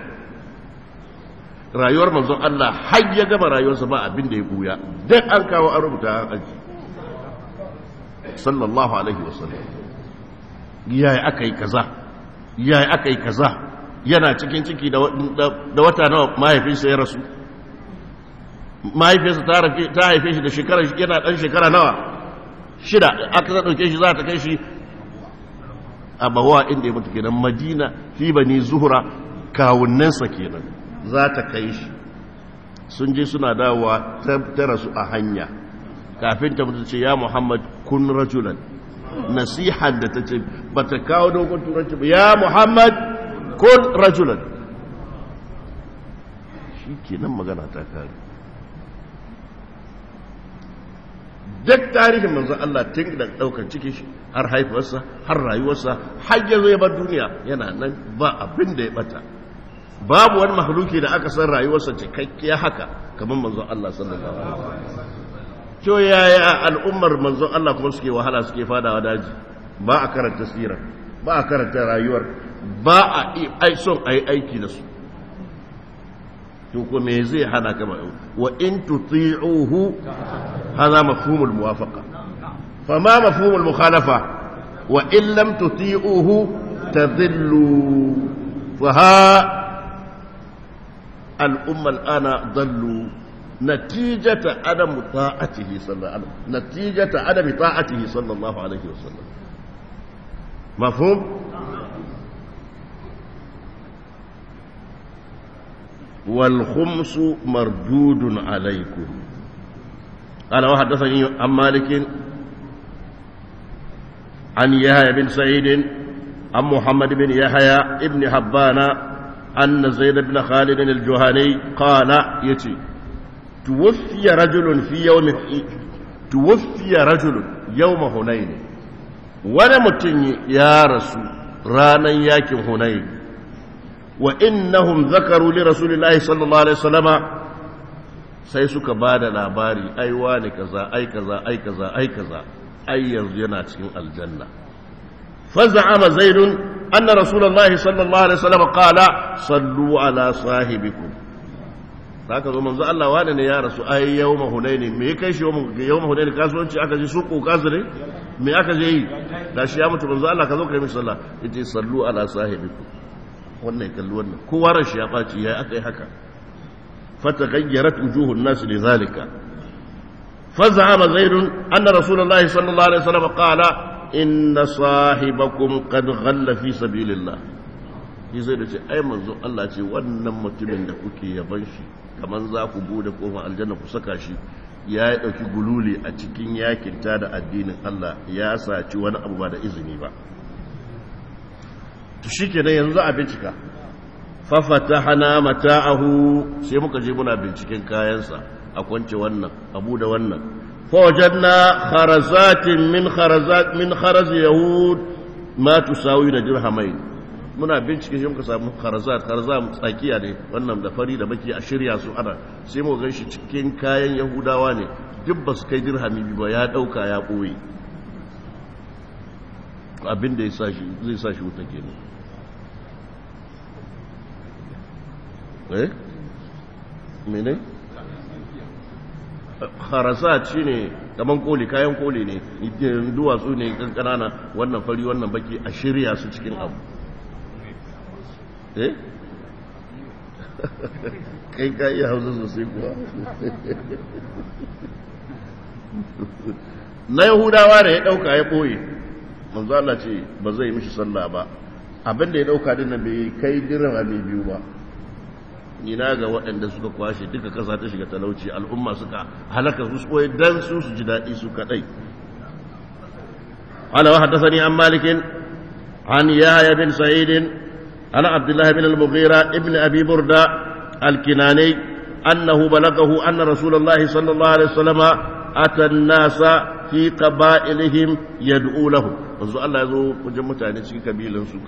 rayuwar manzon Allah har ya gama rayuwarsa ba abin da ya buya duk an kawo an rubuta an aji sallallahu alaihi wasallam yayi aka yi kaza ya aka yi kaza yana cikin ciki da wata nawa mahaifinsa ya rasu mahaifinsa ta haife shi da shekara yana dan shekara nawa shida aka za ɗauke shi za ta kai shi a bawa inda ya mutu kenan madina fi bani zuhura kawunansa kenan za ta kai shi sun je suna dawowa ta rasu a hanya kafin ta mutu ce ya muhammad kun rajulan nasihar da ta ce ba ta kawo dogon turanci ba ya muhammad ko rajulan shi ke nan magana ta kare duk tarihin manzan Allah tun da ɗaukar ciki har haifarsa har rayuwarsa har ya ba duniya yana nan ba abin da ya bata babu wani mahaluki da aka san rayuwarsa cikakkiya haka kamar manzan Allah sallallahu alaihi wasallam to yaya al'ummar manzon Allah kuma suke wahala suke fadawa daji ba a karanta sirar ba a karanta rayuwar ba a son a yi aiki da su to me zai hana kama yau wa in tuti'uhu hana mafhumul muwafaqa fama mafhumul mukhalafa wa in lam tuti'uhu tadhillu fa ha al-umma al-ana dhallu نتيجة عدم طاعته صلى الله عليه وسلم نتيجة عدم طاعته صلى الله عليه وسلم مفهوم؟ والخمس مردود عليكم قال وحدثني عن مالك عن يحيى بن سعيد عن محمد بن يحيى ابن حبان أن زيد بن خالد الجهني قال يتي tuwaffiya rajulun fi yawmin tuwaffiya rajulun yau ma yawma ne. wani mutum ya rasu ranan yakin hunain wa innahum zakaru li rasulillahi sallallahu alaihi wasallama sai suka ba da labari ai wani kaza ai kaza ai kaza ai kaza ai yanzu yana cikin aljanna faz'ama zaidun anna rasulullahi sallallahu alaihi wasallam qala sallu ala sahibikum za ka zo manzo Allah wane ne ya rasu ai yau mahunaini me ya kai shi yau mahunaini kasuwanci aka je suko kasu ne me aka je yi da shi ya mutu manzo Allah ka zo ka yi mishi sallah yace sallu ala sahibikum wannan kalli wannan kowa ran shi ya baci yayi aka yi haka fatagayyarat wujuhun nas li zalika فزعم زيد أن رسول الله صلى الله عليه وسلم قال إن صاحبكم قد غل في سبيل الله shi zai da ce ai manzo Allah ce wannan mutumin da kuke yaban shi kamar za ku bude kofar aljanna ku saka shi ya yi ɗauki gululi a cikin yakinta da addinin Allah ya saci wani abu ba da izini ba to shi kenan yanzu a bincika fafata hana mata'ahu sai muka je muna binciken kayansa a kwance wannan abu da wannan fawajanna kharazatin min kharazat min kharaz yahud ma tusawi dirhamain muna bincike shi muka samu karza karza tsakiya ne wannan da fari da baki a shirya su ana sai mu gan shi cikin kayan yahudawa ne duk ba su kai dirhami bi ba ya dauka ya boye abin da zai sa shi wuta ke ne eh mene harasa ci ne kaman koli kayan koli ne duwatsu ne kankanana wannan fari wannan baki a shirya su cikin abu eh kai ka iya hausa kuwa na yahudawa da ya ɗauka ya boye manzo Allah ce ba zai mishi sallah ba abin da ya ɗauka din nan bai kai dirin abin biyu ba ni ga waɗanda suka kwashe duka kasa ta shiga talauci al'umma suka halaka su koyi dan su su ji daɗi su kaɗai قال وحدثني عن مالك عن يحيى بن سعيد عن عبد الله بن المغيرة ابن أبي بردة الكناني أنه بلغه أن رسول الله صلى الله عليه وسلم أتى الناس في قبائلهم يدعو لهم ya zo wajen mutane cikin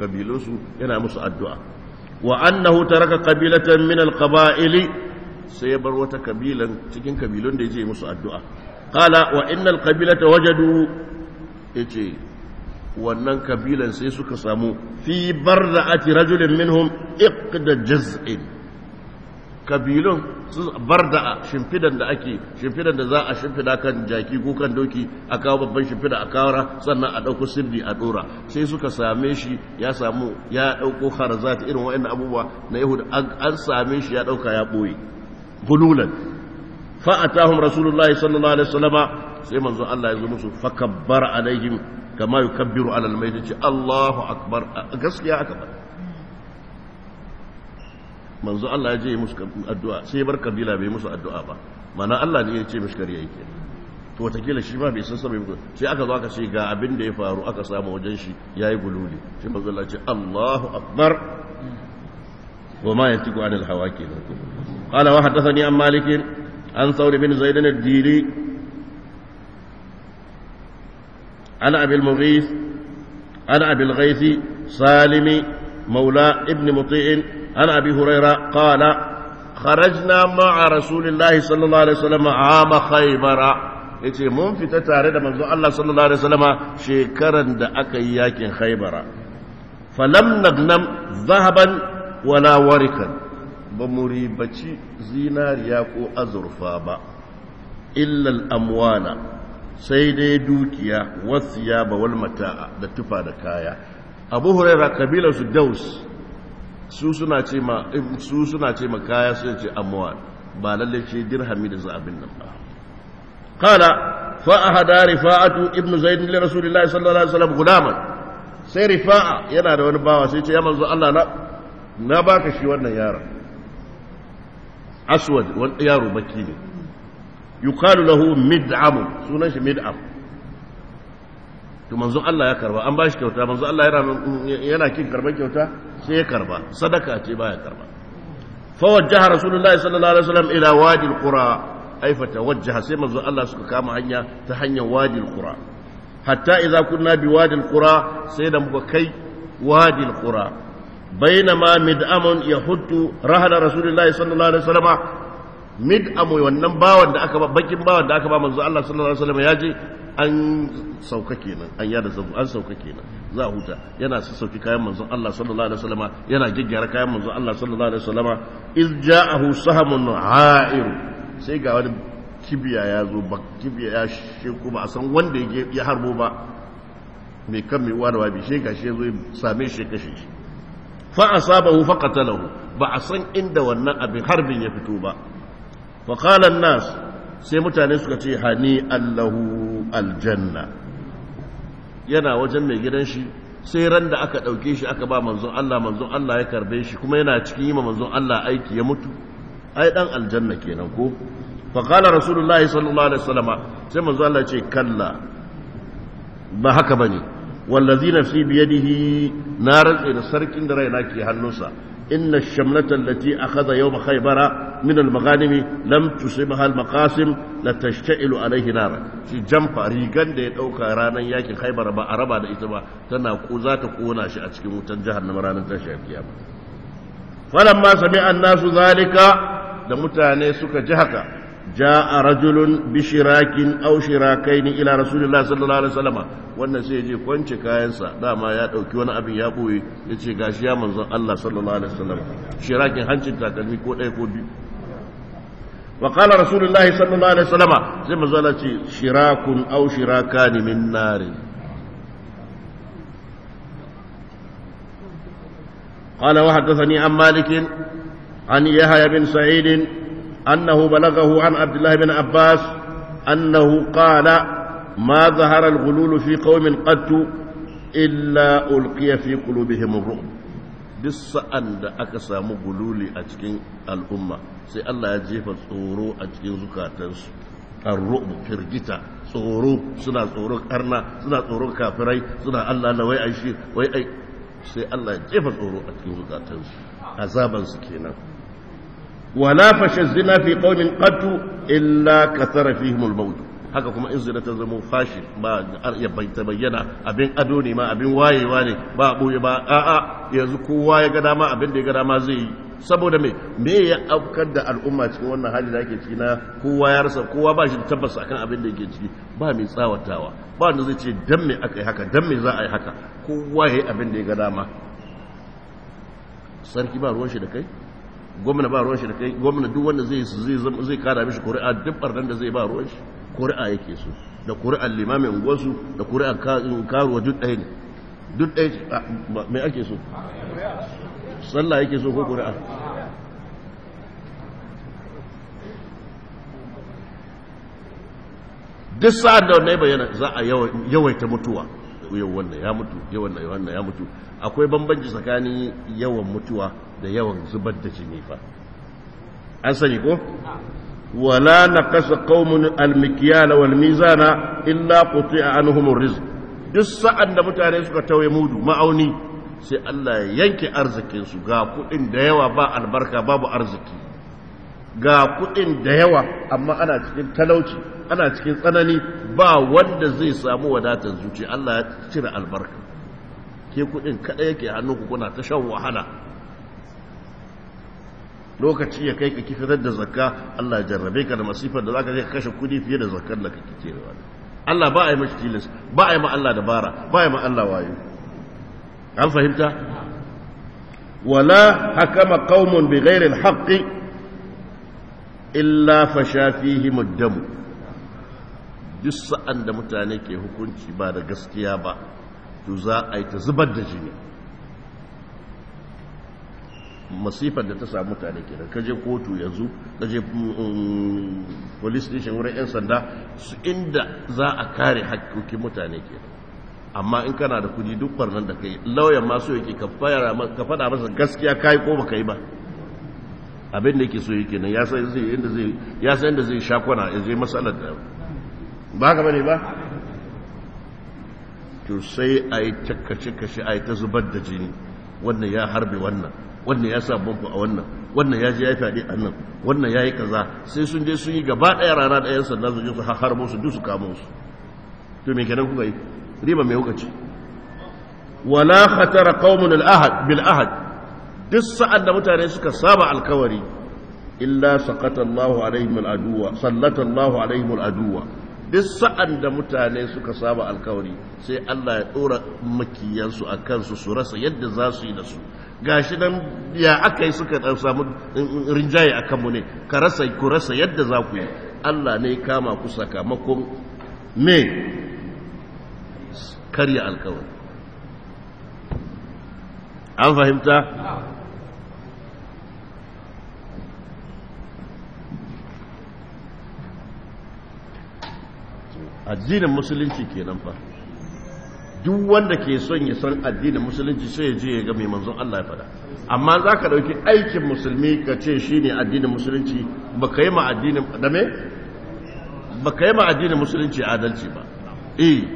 kabilansu yana musu addu'a wa ta raka qabilatan min alqaba'ili sai ya bar wata kabilan cikin kabilun da yaje musu addu'a qala wa innal wajadu yace wannan kabilan sai suka samu fi min rajulin minhum iqda jaz'in kabilun su a shimfidan da ake shimfidan da za a shimfida kan jaki ko kan doki a kawo babban shimfida a kawara sannan a ɗauko sirri a ɗora sai suka same shi ya samu ya ɗauko harazat irin wa'annan abubuwa na yahud an same shi ya ɗauka ya ɓoye bululan fa'atahum rasulullahi sallallahu alaihi wasallama sai manzo Allah ya zo musu fakabbara alaihim kama yukabbiru alal mayyit ce Allahu akbar gaskiya aka Allah ya musu addu'a sai bar kabila bai musu addu'a ba mana Allah ne ya ce to watakila shi ma bai san sai aka zo aka ce ga abin da ya faru aka samu wajen shi yayi gululi sai manzo Allah ce Allahu akbar wa ma anil hawa kenan qala wa hadathani an an thawr bin zaid al عن أبي المغيث عن أبي الغيث سالم مولى ابن مطيع عن أبي هريرة قال خرجنا مع رسول الله صلى الله عليه وسلم عام خيبر yace mun fita tare da manzo Allah sallallahu alaihi shekaran da aka yi yakin Khaibara falam nagnam zahaban wala warikan ba mu ribaci zinariya ko azurfa ba illal amwana sai dai dukiya wasu ba wal mata'a da tufa da kaya abu huraira kabilar su daus su suna ce ma su suna ce ma kaya su ce amwal ba lalle ce dirhami da zabin nan ba qala fa ahada rifa'atu ibn zaid li rasulillahi sallallahu alaihi wasallam gulaman sai rifa'a yana da wani bawa sai ce ya manzo Allah na na baka shi wannan yaron aswad wani yaro baki ne yuqalu lahu mid'am sunan shi mid'am to manzon Allah ya karba an bashi kyauta manzon Allah yana yana kin karban kyauta sai ya karba sadaka ce baya karba fa wajjaha rasulullahi sallallahu alaihi wasallam ila wadi alqura ay fatawajjaha sai manzon Allah suka kama hanya ta hanyar wadi alqura hatta idza kunna bi wadi alqura sai da muka kai wadi alqura bainama mid'amun yahuttu rahana rasulullahi sallallahu alaihi wasallam mid amu wannan bawan da aka ba bakin bawan da aka ba manzo Allah sallallahu alaihi wasallam ya je an sauka kenan an yada zabu an sauka kenan za a huta yana su sauki kayan manzo Allah sallallahu alaihi wasallam yana gaggara kayan manzo Allah sallallahu alaihi wasallam iz ja'ahu sahamun ha'ir sai ga wani kibiya ya zo ba kibiya ya shi kuma a san wanda ya harbo ba mai kan mai uwa da wabi shi ga shi ya zo same shi kashe shi fa asabahu faqatalahu ba a san inda wannan abin harbin ya fito ba Faƙalan nas sai mutane suka ce hani allahu aljanna yana wajen mai gidan shi sai ran da aka ɗauke shi aka ba manzon Allah manzon Allah ya karbe shi kuma yana cikin yi ma manzon Allah aiki ya mutu ai dan aljanna kenan ko faƙalan qala rasulullah sallallahu alaihi sai manzon Allah ce kalla ba haka ba ne wallazi na fi biyadihi na rantsa da sarkin da raina ke hannunsa إن الشملة التي أخذ يوم خيبر من المغانم لم تصبها المقاسم لتشتعل عليه نارا في جنفا ريغان دي دوكا رانا ياكي خيبر با عربا دا إتبا تنا قوزات قونا شأتك موتن جهنم رانا تشعر القيامة فلما سمع الناس ذلك da mutane suka ji haka جاء رجل بشراك أو شراكين إلى رسول الله صلى الله عليه wannan sai je kwance kayansa dama ya ɗauki wani abin ya ɓoye ya ce gashi ya manzon Allah sallallahu alaihi wasallam shirakin hancin takalmi ko ɗaya ko biyu wa qala rasulullahi alaihi wasallam sai manzon Allah ce shirakun aw shirakani min nari qala wa hadathani an malik an yahya min sa'id أنه بلغه عن عبد الله بن عباس أنه قال ما ظهر الغلول في قوم قد إلا ألقي في قلوبهم الرؤب duk da aka samu gululi a cikin al'umma sai Allah ya jefa tsoro a cikin zukatansu arru'u firgita tsoro suna tsoron karna suna tsoron kafirai suna Allah na wai aishi wai ai sai Allah ya jefa tsoro a cikin zukatansu su kenan ولا فش zina في قوم قد illa kasara فيهم الموت haka kuma in zina ta zama fashi ba ya ta bayyana abin ado ne ma abin wayewa ne ba boye ba a'a yanzu kowa ya ga dama abin da ya ga dama zai yi saboda me me ya aukar da al'umma cikin wannan hali da ake ciki na kowa ya rasa kowa ba shi tabbas akan abin da yake ciki ba mai tsawatawa ba wanda zai ce dan me aka yi haka dan me za a yi haka kowa ya yi abin da ya ga dama sarki ba ruwan shi da kai gwamna ba ruwan shi da kai gwamna duk wanda zai zai zai kada mishi kuri'a duk barnan da zai ba ruwan shi kuri'a yake so da kuri'a limamin gwasu da kuri'ar karuwa duk ɗaya ne duk ɗaya ce mai ake so sallah yake so ko kuri'a duk sa'ad da wannan bayyana za a yawaita mutuwa yau wannan ya mutu yau wannan wannan ya mutu akwai bambanci tsakanin yawan mutuwa da yawan zubar da jini fa an sani ko wala naqasa qaumun al wal mizana illa quti'a anhum ar duk sa'an da mutane suka tauye mudu ma'auni sai Allah ya yanke arzikin su ga kuɗin da yawa ba albarka babu arziki ga kuɗin da yawa amma ana cikin talauci ana cikin tsanani ba wanda zai samu wadatar zuci Allah ya cire albarka ke kuɗin kaɗai yake hannu ku kuna ta shan wahala lokaci ya kai ka fitar da zakka Allah ya jarrabe ka da masifar da zaka je ka kashe kuɗi fiye da zakkar da kake cirewa Allah ba a yi mashi tilas ba a yi ma Allah dabara ba a yi ma Allah wayo an fahimta wala hakama qaumun bi ghairi al illa fasha fihi muddamu duk sa'an da mutane ke hukunci ba da gaskiya ba to za a yi ta zubar da jini masifar da ta samu mutane ke da kaje kotu yanzu kaje mm, mm, police station wurin 'yan sanda su inda za a kare hakkokin mutane ke amma in kana da kudi duk barnan da kai lauyan masu yake ka faɗa masa gaskiya kai ko baka yi ba abin da yake so yake nan ya san inda zai ya sha kwana ya zai masalar da ba ka bane ba to sai a yi cakkace kashe a yi ta zubar da jini wannan ya harbe wannan wannan ya sa bambu a wannan wannan ya je ya fyaɗe a nan wannan ya yi kaza sai sun je sun yi gaba ɗaya rana ɗayan sannan su je su har musu duk su kamo su to me kenan kuka yi riba mai kuka ci wala khatara qaumun al ahad bil ahad duk sa'ad da mutane suka saba alkawari illa saqata Allahu alaihim duk sa’ad da mutane suka saba alkawari sai Allah ya ɗora makiyansu a kansu su rasa yadda za su yi da su gashi nan ya aka yi suka samu rinjaye a kanmu ne ka rasa ku rasa yadda za ku yi Allah ne kama ku sakamakon me karya alkawari an fahimta addinin musulunci kenan fa duk wanda ke son ya san addinin musulunci sai ya je ya ga mai manzon Allah ya fada amma za ka ɗauki aikin musulmi ka ce shi ne addinin musulunci ba ka yi ma addinin musulunci adalci ba eh